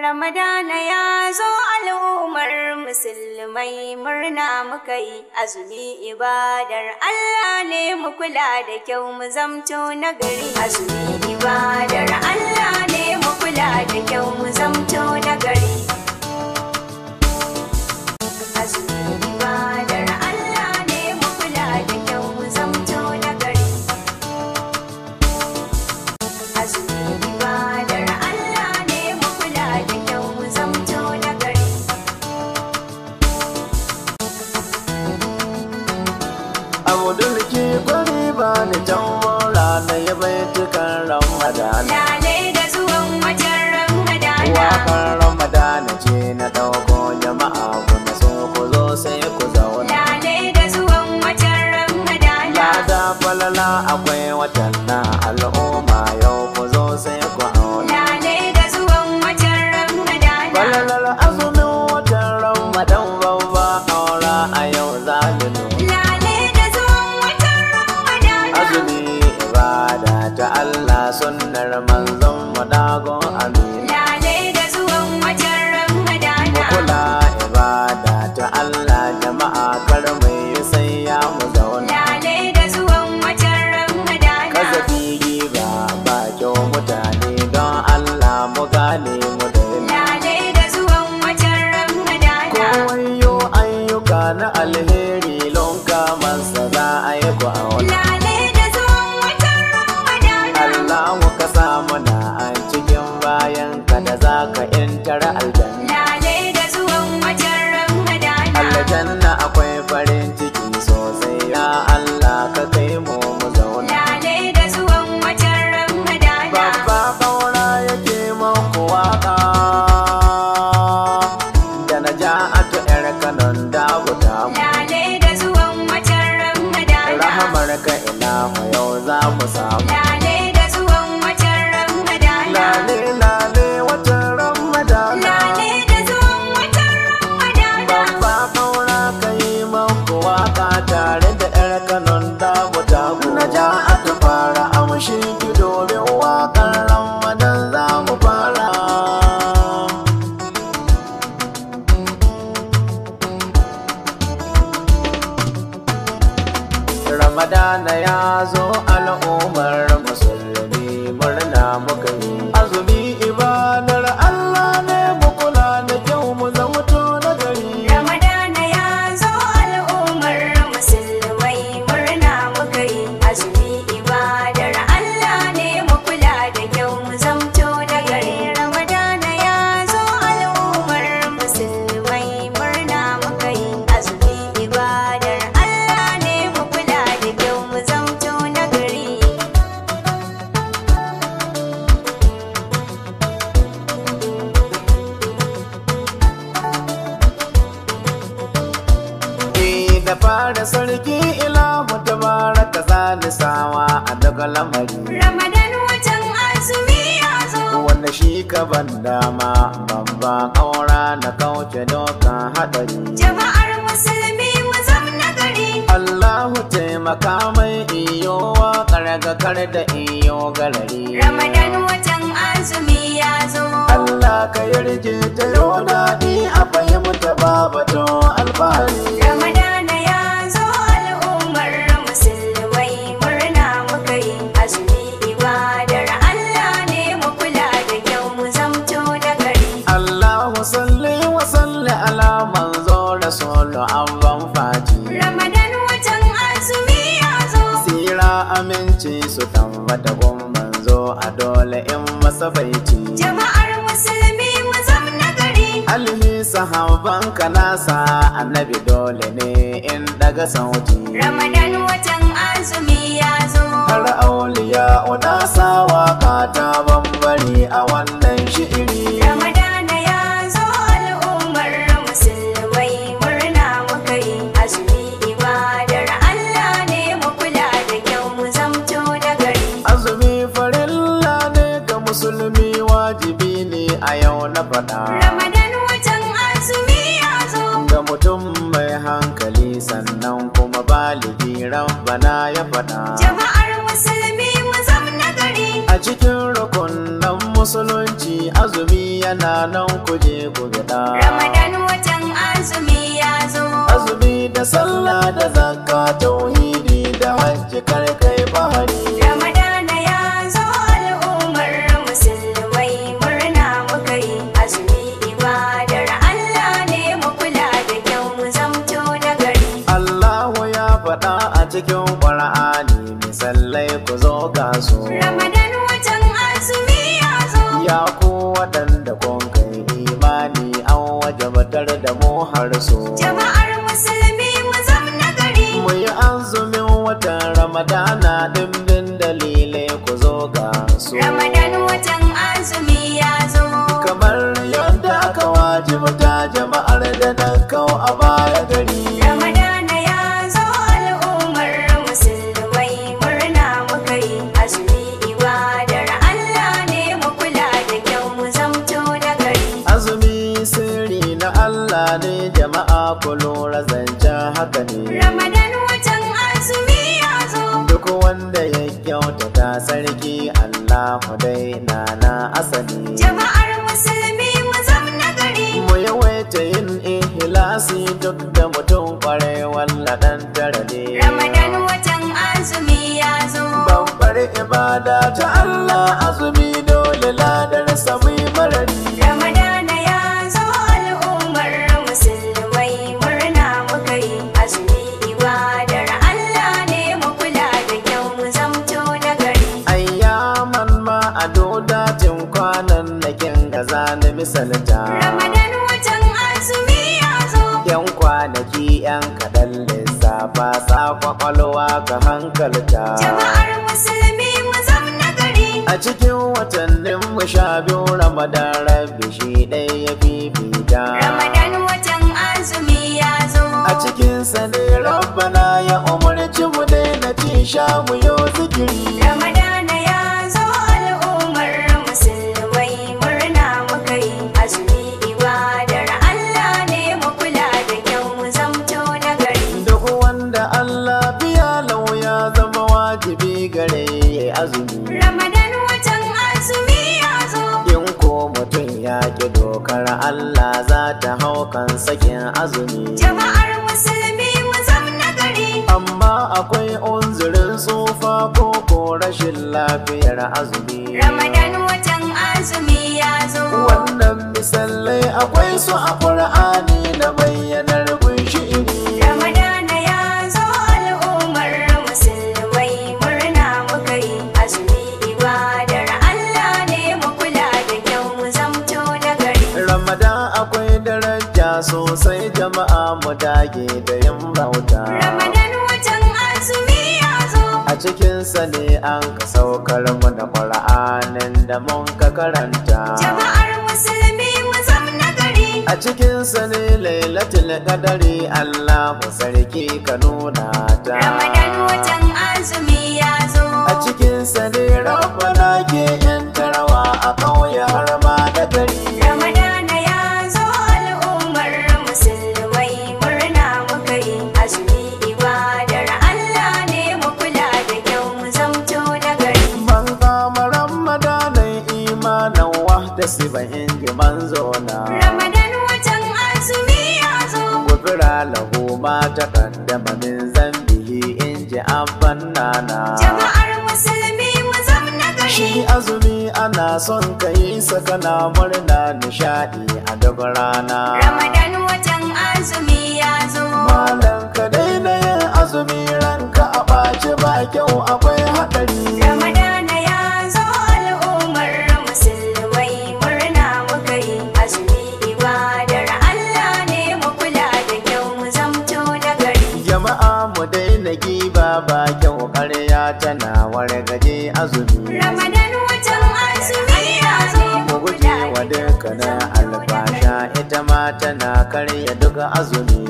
Ramadana ya zo al'ummar musulmai murna muka yi azumi ibadar Allah ne mu kula da kyau mu zamto nagari azumi ibadar Allah ne mu kula da kyau mu zamto akwai watan I'm okay. makamai iyowa waƙar da iyo ramadan watan azumi ya zo Allah ka yarje ta yona ni a fahimta babato alfahari ramadan ya zo al'ummar musulmai murna muka yi azumi ibadar Allah ne mu kula da kyau mu zamto da gari Allahu salli wa salli ala manzo rasul abban faji su kan wata gumman zo a dole in masa baiti. Jama'ar musulmi mu na gari. Alihi sahaban kanasa annabi dole ne in daga sauti. Ramadan watan azumi ya zo. Har auliya unasawa kata. musulunci azumi yana nan kuje ku Ramadan watan azumi ya zo. Azumi da sallah da zakka tauhidi da hajji karkai bahari. Ramadan ya zo al'ummar musulmai murna muka yi azumi ibadar Allah ne mu kula da kyau mu zamto na gari. Allahu ya faɗa a cikin Qur'ani misallai ku zo ga su. Ramadan ya ku waɗanda kun kai imani an wajabatar da mu har su. ikhlasi duk da mutum kwarai walladan tarade ramadan watan azumi ya zo babbar ibada ta Allah azumi dole ladar sami marari ramadan ya zo al'ummar musulmai murna muka yi azumi ibadar Allah ne mu kula da kyau mu zamto na gari ayyaman ma adodatin kwanan nakin gaza na misalta ramadan yan kwanaki yan kaɗan lissafa sa kwakwalwa ga hankalta jama'ar musulmi mu gari a cikin watannin mu sha biyu ramadan rabi shi ɗaya ya fifita ramadan watan azumi ya zo a cikin sa ne rabbana ya umarci mu daina ci sha mu yau zikiri rashin lafiyar azumi. Ramadan watan azumi ya zo. Wannan misalai akwai su a Ƙur'ani sa ne an ka saukar mu da ƙura'anin da mun ka karanta jama'ar musulmi mu na gari a cikin sa ne lailatul kadari Allah mu sarki ka nuna ta ramadan watan azumi ya zo a cikin sa ne rabu taqaddama min zambihi in ji abban na. jama'ar musulmi mu zamna gari shi azumi ana son kai. Isa sa kana murna nishadi a duk rana ramadan watan azumi azumi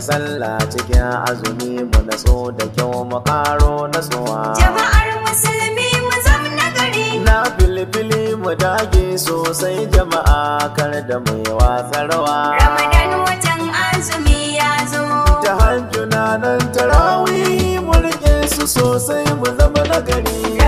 sallah cikin azumi mu natso da kyau mu karo natsuwa jama'ar musulmi mu zamna gari na filifili mu dage sosai jama'a kar da mu yi rawa ramadan watan azumi ya zo ta hanjuna nan tarawih mu rike su sosai mu zama nagari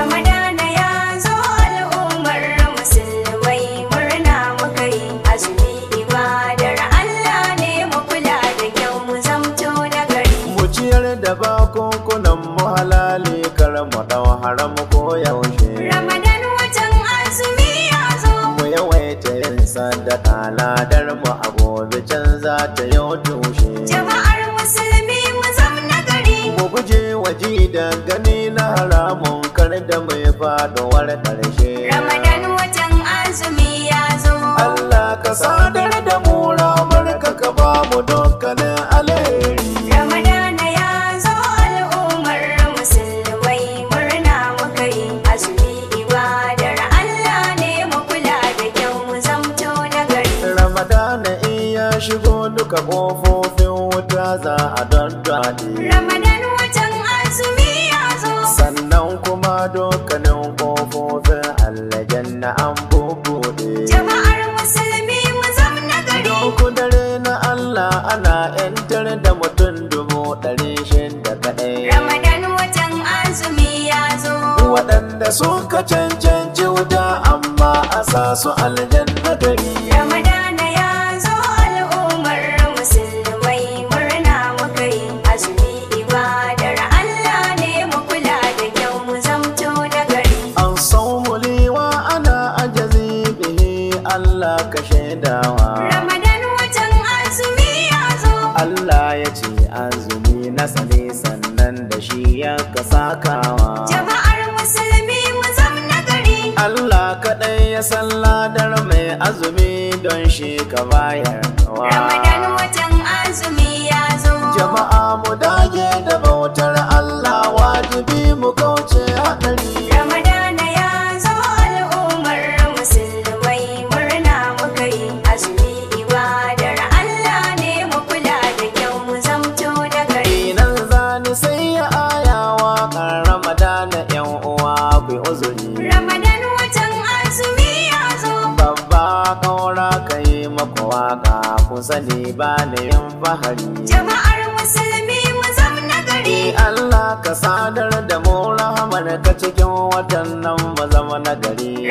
sadaka ladar mu a gobe can za ta yau tushe jama'ar musulmi mu na gari mu guje waji da gani na haramun kar da mai faduwar ƙarshe. ramadan watan azumi ya zo Allah ka sadar da su ka cancanci wuta amma a sa su aljanna gari ramadana ya zo al'ummar musulmai murna muka azumi ibadar Allah ne mu kula da kyau mu zamto na gari an saumu liwa ana ajazi bihi Allah ka shaidawa ramadan watan azumi ya zo Allah ya ce azumi na sane sannan da shi ya sakawa dar mai azumi don shi ka bayar. ba na yan fahari jama'ar musulmi mu zamna gari Allah ka sadar da mu rahamar ka cikin watan nan mu zama nagari